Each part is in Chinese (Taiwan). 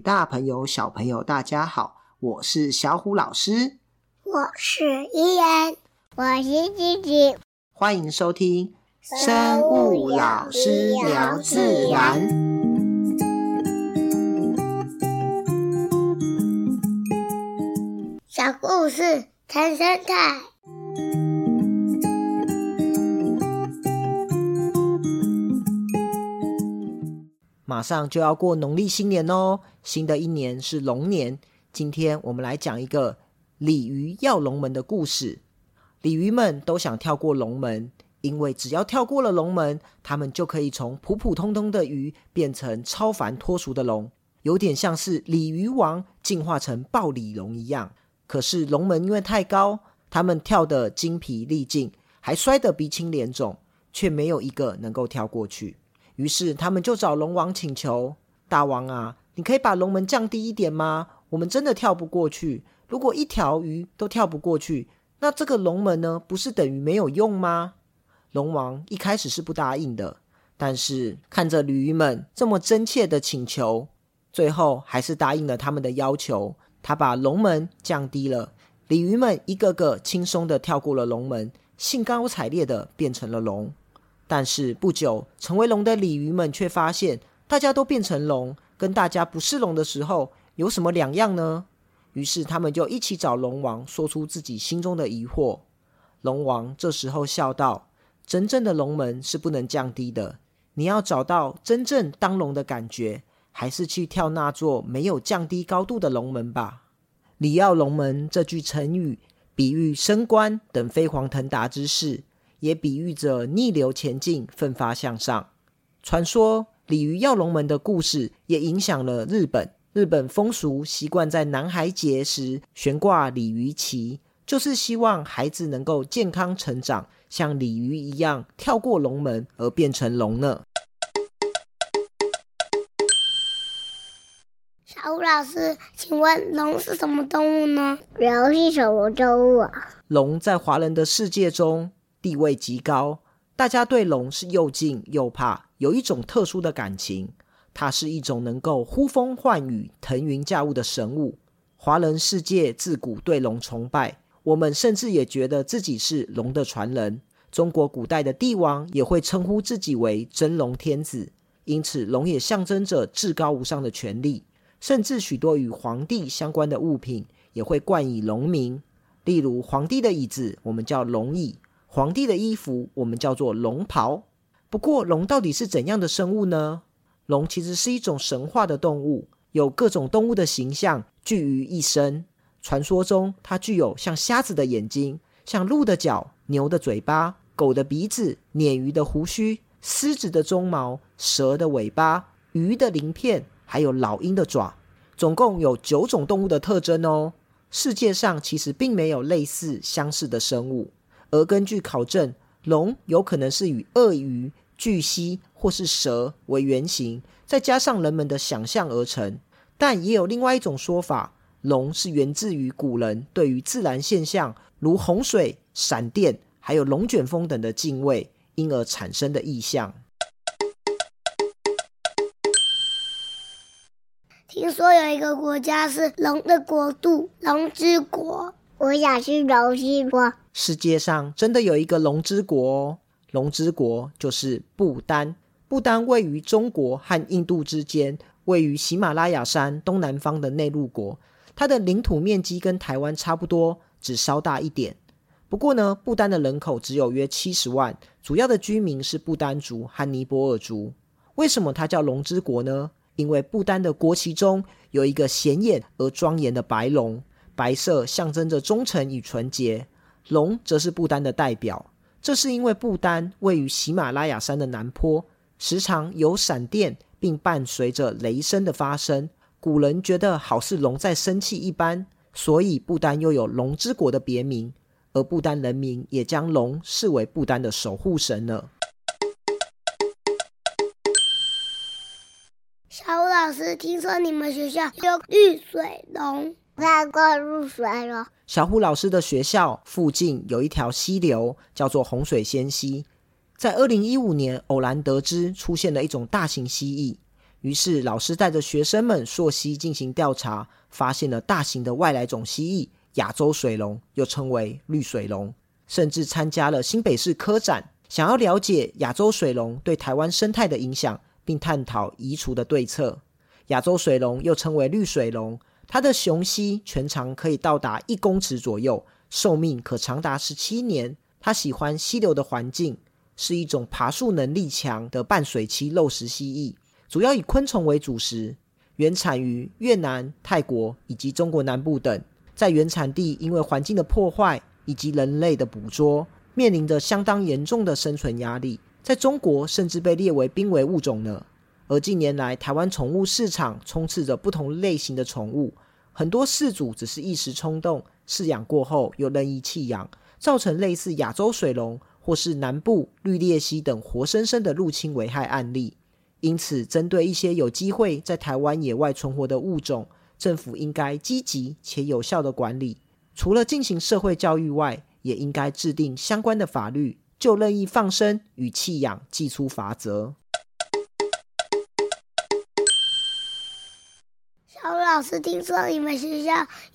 大朋友、小朋友，大家好！我是小虎老師，我是依然，我是吉吉，歡迎收聽《生物老師聊自然》小故事談生態。馬上就要過農曆新年哦，新的一年是龍年。今天我們來講一個鯉魚躍龍門的故事。鯉魚們都想跳過龍門，因為只要跳過了龍門，他們就可以從普普通通的魚變成超凡脫俗的龍，有點像是鯉魚王進化成暴鯉龍一樣。可是龍門因為太高，他們跳得筋疲力盡，還摔得鼻青臉腫，卻沒有一個能夠跳過去。於是，他們就找龍王請求：“大王啊，你可以把龍門降低一點嗎？我們真的跳不過去。如果一條魚都跳不過去，那這個龍門呢，不是等於沒有用嗎？”龍王一開始是不答應的，但是看着鯉魚們這麼真切的請求，最後還是答應了他們的要求。他把龍門降低了，鯉魚們一個個輕鬆的跳過了龍門，興高采烈的變成了龍。但是不久，成為龍的鯉魚們卻發現，大家都變成龍，跟大家不是龍的時候有什麼兩樣呢？於是他們就一起找龍王，說出自己心中的疑惑。龍王這時候笑道：“真正的龍門是不能降低的，你要找到真正當龍的感覺，還是去跳那座沒有降低高度的龍門吧。”鯉躍龍門這句成語，比喻升官等飛黃騰達之事。也比喻着逆流前進、奮發向上。傳說鯉魚躍龍門的故事也影響了日本。日本風俗習慣在男孩節時懸掛鯉魚旗，就是希望孩子能夠健康成長，像鯉魚一樣跳過龍門而變成龍呢。小虎老師，請問龍是什麼動物呢？龍是什麼動物啊？龍在華人的世界中，地位極高，大家對龍是又敬又怕，有一種特殊的感情。它是一種能夠呼風喚雨、騰雲駕霧的神物。華人世界自古對龍崇拜，我們甚至也覺得自己是龍的傳人。中國古代的帝王也會稱呼自己為真龍天子，因此龍也象徵着至高無上的權力。甚至許多與皇帝相關的物品也會冠以龍名，例如皇帝的椅子，我們叫龍椅。皇帝的衣服我們叫做龍袍。不過，龍到底是怎樣的生物呢？龍其實是一種神話的動物，有各種動物的形象聚於一身。傳說中，它具有像蝦子的眼睛、像鹿的角、牛的嘴巴、狗的鼻子、鯰魚的鬍鬚、獅子的鬃毛、蛇的尾巴、魚的鱗片，還有老鷹的爪，總共有九種動物的特徵哦。世界上其實並沒有類似相似的生物。而根據考證，龍有可能是與鱷魚、巨蜥、或是蛇為原型，再加上人們的想象而成。但也有另外一種說法，龍是源自於古人對於自然現象，如洪水、閃電、還有龍捲風等的敬畏，因而產生的意象。聽說有一個國家是龍的國度，龍之國。我想去龍之國。世界上真的有一個龍之國？哦，龍之國就是不丹。不丹位於中國和印度之間，位於喜馬拉雅山東南方的內陸國。它的領土面積跟台灣差不多，只稍大一點。不過呢，不丹的人口只有約七十萬，主要的居民是布丹族和尼泊爾族。為什麼它叫龍之國呢？因為不丹的國旗中有一個顯眼而莊嚴的白龍，白色象徵着忠誠與純潔。龍則是不丹的代表，這是因為不丹位於喜馬拉雅山的南坡，時常有閃電，並伴隨着雷聲的發生。古人覺得好似龍在生氣一般，所以不丹又有“龍之國”的別名。而不丹人民也將龍視為不丹的守護神了。小虎老師，聽說你們學校有綠水龍。外入水龍。小虎老師的學校附近有一條溪流，叫做洪水仙溪。在二零一五年，偶然得知出現了一種大型蜥蜴，於是老師帶着學生們溯溪進行調查，發現了大型的外來種蜥蜴——亞洲水龍，又稱為綠水龍。甚至參加了新北市科展，想要了解亞洲水龍對台灣生態的影響，並探討移除的對策。亞洲水龍又稱為綠水龍。它的雄蜥全長可以到達一公尺左右，壽命可長達十七年。它喜歡溪流的環境，是一種爬樹能力強的半水棲肉食蜥蜴，主要以昆蟲為主食。原產於越南、泰國以及中國南部等，在原產地因為環境的破壞以及人類的捕捉，面臨着相當嚴重的生存壓力。在中國，甚至被列為瀕危物種呢。而近年來，台灣寵物市場充斥着不同類型的寵物，很多飼主只是一時衝動飼養過後又任意棄養，造成類似亞洲水龍或是南部綠鬣蜥等活生生的入侵危害案例。因此，針對一些有機會在台灣野外存活的物種，政府應該積極且有效的管理。除了進行社會教育外，也應該製定相關的法律，就任意放生與棄養祭出罰則。老師聽說你們學校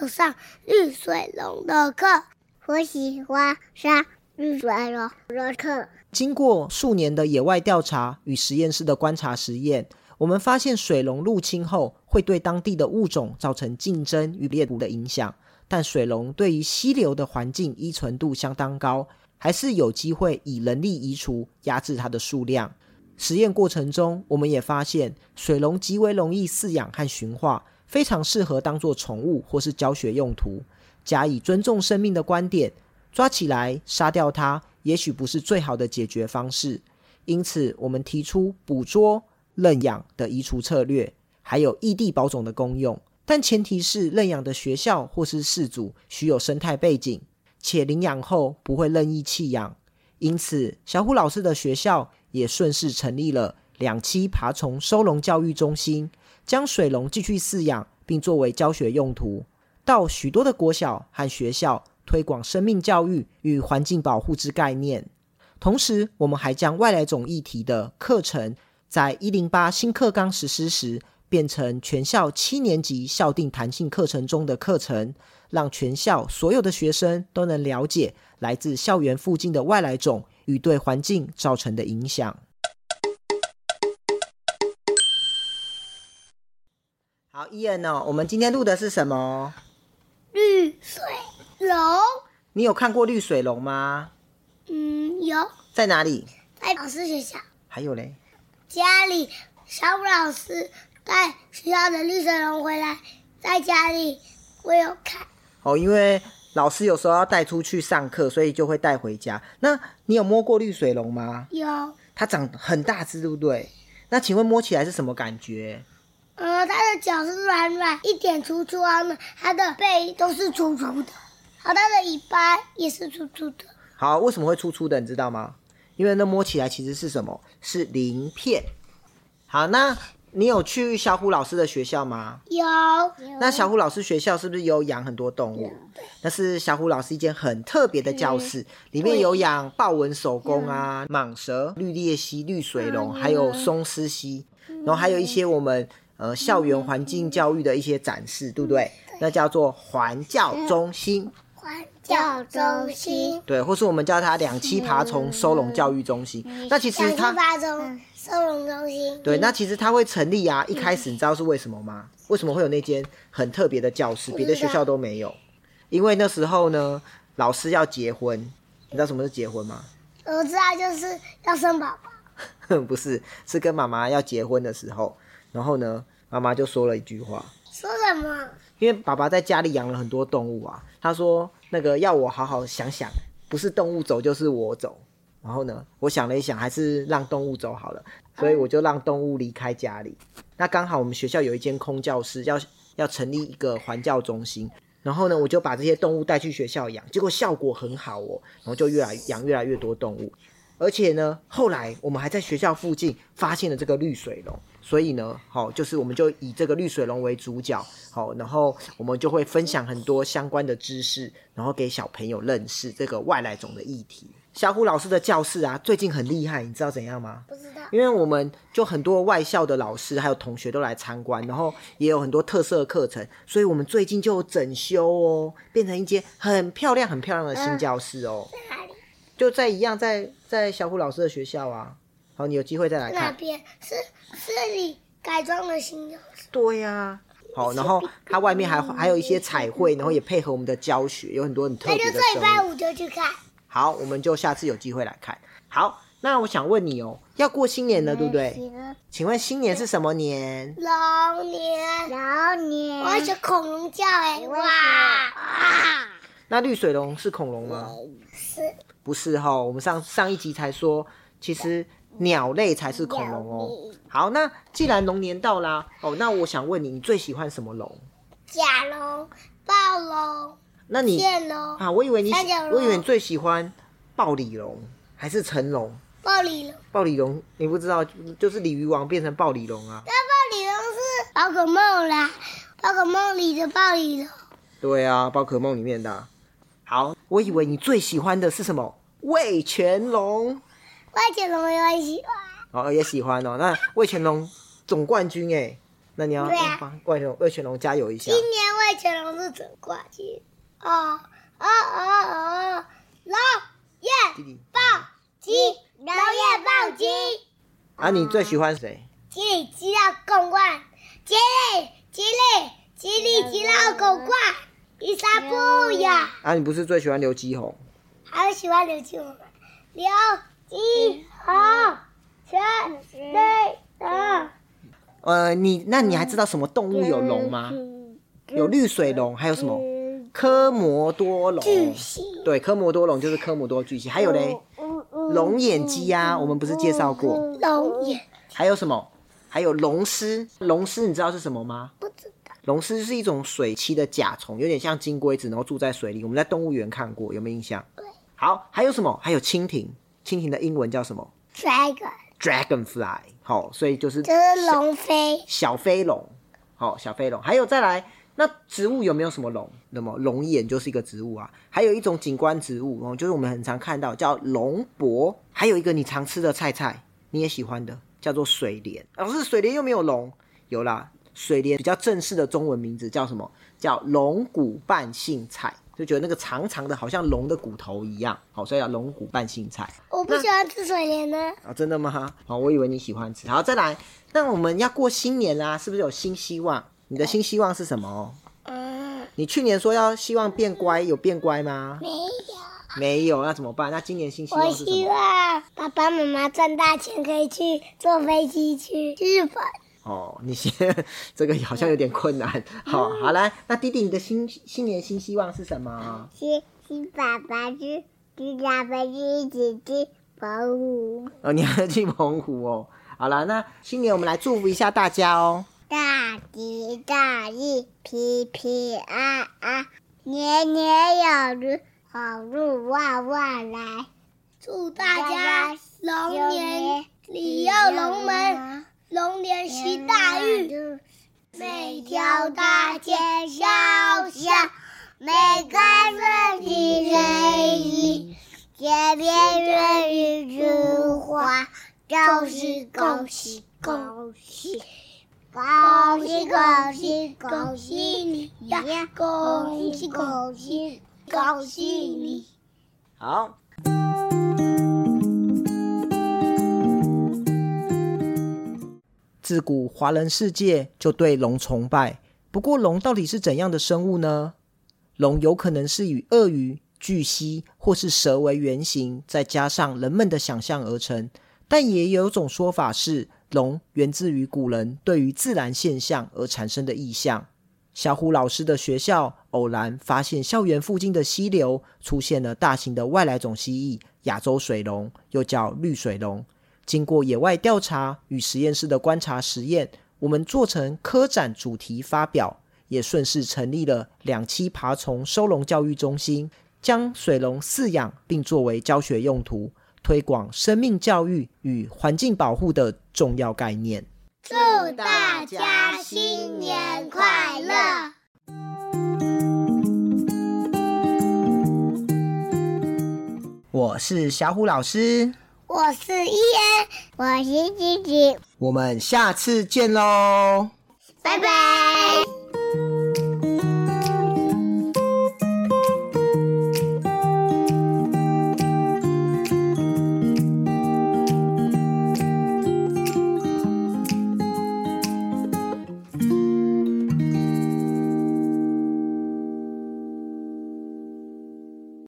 有上綠水龍的課，我喜歡上綠水龍的課。經過數年的野外調查與實驗室的觀察實驗，我們發現水龍入侵後會對當地的物種造成競爭與獵捕的影響。但水龍對於溪流的環境依存度相當高，還是有機會以人力移除壓制它的數量。實驗過程中，我們也發現水龍極為容易飼養和馴化。非常適合當做寵物或是教學用途。假以尊重生命的觀點，抓起來殺掉它，也許不是最好的解決方式。因此，我們提出捕捉認養的移除策略，還有異地保種的功用。但前提是認養的學校或是飼主需有生態背景，且領養後不會任意棄養。因此，小虎老師的學校也順勢成立了兩棲爬蟲收容教育中心。將水龍繼續飼養，並作為教學用途，到許多的國小和學校推廣生命教育與環境保護之概念。同時，我們還將外來種議題的課程，在一零八新課綱實施時，變成全校七年級校訂彈性課程中的課程，讓全校所有的學生都能了解來自校園附近的外來種與對環境造成的影響。Ian 哦，我們今天錄的是什麼？綠水龍。你有看過綠水龍嗎？嗯，有。在哪裡？在老師學校。還有嘞？家裡，小虎老師帶學校的綠水龍回來，在家裡我有看。哦，因為老師有時候要帶出去上課，所以就會帶回家。那你有摸過綠水龍嗎？有。它長很大隻，對不對？那請問摸起來是什麼感覺？嗯，它的腳是軟軟，一點粗粗，啊。呢。它的背都是粗粗的，好，它的尾巴也是粗粗的。好，為什麼會粗粗的？你知道嗎？因為那摸起來其實是什麼？是鱗片。好，那你有去小虎老師的學校嗎？有。那小虎老師學校是不是有養很多動物？對。那是小虎老師一間很特別的教室，嗯、裡面有養豹紋守宮啊、嗯、蟒蛇、綠鬣蜥、綠水龍，啊嗯、還有鬆獅蜥、嗯，然後還有一些我們。呃，校園環境教育的一些展示，嗯、對不對，對？那叫做環教中心。環教中心。對，或是我們叫它兩棲爬蟲收容教育中心。嗯、那其實它。兩棲爬蟲、嗯、收容中心。對、嗯，那其實它會成立啊。一開始你知道是為什麼嗎？為什麼會有那間很特別的教室？嗯、別的學校都沒有。因為那時候呢，老師要結婚。你知道什麼是結婚嗎？我知道，就是要生寶寶。 不是，是跟媽媽要結婚的時候。然後呢？媽媽就說了一句話：“說什麼？因為爸爸在家裡養了很多動物啊。”他說：“那個要我好好想想，不是動物走，就是我走。”然後呢，我想了一想，還是讓動物走好了。所以我就讓動物離開家裡。那剛好我們學校有一間空教室，要要成立一個環教中心。然後呢，我就把這些動物帶去學校養，結果效果很好哦。然後就越來養越來越多動物，而且呢，後來我們還在學校附近發現了這個綠水龍。所以呢，好、哦，就是我們就以這個綠水龍為主角，好、哦，然後我們就會分享很多相關的知識，然後給小朋友認識這個外來種的議題。小虎老師的教室啊，最近很厲害，你知道怎樣嗎？不知道。因為我們就很多外校的老師還有同學都來參觀，然後也有很多特色的課程，所以我們最近就整修哦，變成一間很漂亮、很漂亮的新教室哦。在、嗯、哪裡？就在一樣在，在在小虎老師的學校啊。好，你有機會再來看。那邊是邊是，是你改裝的新鳥車。對呀、啊。好，然後它外面還還有一些彩繪，然後也配合我們的教學，有很多很特別的。那就這禮拜五就去看。好，我們就下次有機會來看。好，那我想問你哦、喔，要過新年了對不對？請問新年是什麼年？龍年。龍年。我要學恐龍叫哎，哇啊！那綠水龍是恐龍嗎？不是。不是哈、喔，我們上上一集才說，其實。鳥類才是恐龍哦。好，那既然龍年到啦、嗯，哦，那我想問你，你最喜歡什麼龍？甲龍、暴龍、那劍龍啊，我以為你，我以為你最喜歡暴鯉龍還是成龍？暴鯉龍，暴鯉龍，你不知道，就是鯉魚王變成暴鯉龍啊。那暴鯉龍是寶可夢啦，寶可夢裡的暴鯉龍。對啊，寶可夢裡面的、啊。好，我以為你最喜歡的是什麼？味全龍。味全龍我也喜歡，哦，也喜歡哦。那味全龍總冠軍哎，那你要幫味全龍、味全龍加油一下。今年味全龍是總冠軍。哦哦哦哦，龍焰暴擊，龍焰暴擊。啊，你最喜歡誰？吉利吉拉奪冠，吉利吉利吉利吉拉奪冠，伊莎布雅。啊，你不是最喜歡劉畊宏？還有喜歡劉畊宏嗎？劉。一、二、三、四、五。呃，你那你還知道什麼動物有龍嗎？有綠水龍，還有什麼？科摩多龍。巨蜥。對，科摩多龍就是科摩多巨蜥。還有嘞，龍眼雞呀、啊，我們不是介紹過？龍眼。還有什麼？還有龍蝨。龍蝨你知道是什麼嗎？不知道。龍蝨是一種水棲的甲蟲，有點像金龜子，然後住在水裡。我們在動物園看過，有沒有印象？對。好，還有什麼？還有蜻蜓。蜻蜓的英文叫什麼？Dragon。Dragonfly、哦。好，所以就是。這、就是龍飛。小飛龍。好、哦，小飛龍。還有再來，那植物有沒有什麼龍？那麼龍眼就是一個植物啊。還有一種景觀植物，哦、就是我們很常看到叫龍柏。還有一個你常吃的菜菜，你也喜歡的，叫做水蓮。老師，水蓮又沒有龍。有啦，水蓮比較正式的中文名字叫什麼？叫龍骨瓣莕菜。就覺得那個長長的，好像龍的骨頭一樣，好，所以要龍骨拌青菜。我不喜歡吃水蓮呢。啊，真的嗎？好，我以為你喜歡吃。好，再來，那我們要過新年啦，是不是有新希望？你的新希望是什麼？嗯。你去年說要希望變乖，有變乖嗎？沒有。沒有，那怎麼辦？那今年新希望是什麼？我希望爸爸媽媽賺大錢，可以去坐飛機去日本。哦，你先，這個好像有點困難。嗯哦、好好來，那弟弟，你的新新年新希望是什麼？新去，爸爸去去，爸爸去，爸爸去一起去澎湖。哦，你還要去澎湖哦。好了，那新年我們來祝福一下大家哦。大吉大利，平平安安，年年有餘，好運旺旺來。祝大家龍年，家年鯉躍龍門，龍年行大運，每條大街小巷，每個人的嘴裡，見面第一句話，就是恭喜恭喜恭喜，恭喜恭喜恭喜你呀，啊！恭喜恭喜恭喜你，你。好。自古華人世界就對龍崇拜，不過龍到底是怎樣的生物呢？龍有可能是以鱷魚、巨蜥或是蛇為原型，再加上人們的想象而成。但也有種說法是，龍源自於古人對於自然現象而產生的意象。小虎老師的學校偶然發現，校園附近的溪流出現了大型的外來種蜥蜴——亞洲水龍，又叫綠水龍。經過野外調查與實驗室的觀察實驗，我們做成科展主題發表，也順勢成立了兩棲爬蟲收容教育中心，將水龍飼養並作為教學用途，推廣生命教育與環境保護的重要概念。祝大家新年快樂！我是小虎老師。我是伊恩，我是吉吉，我們下次見嘍，拜拜。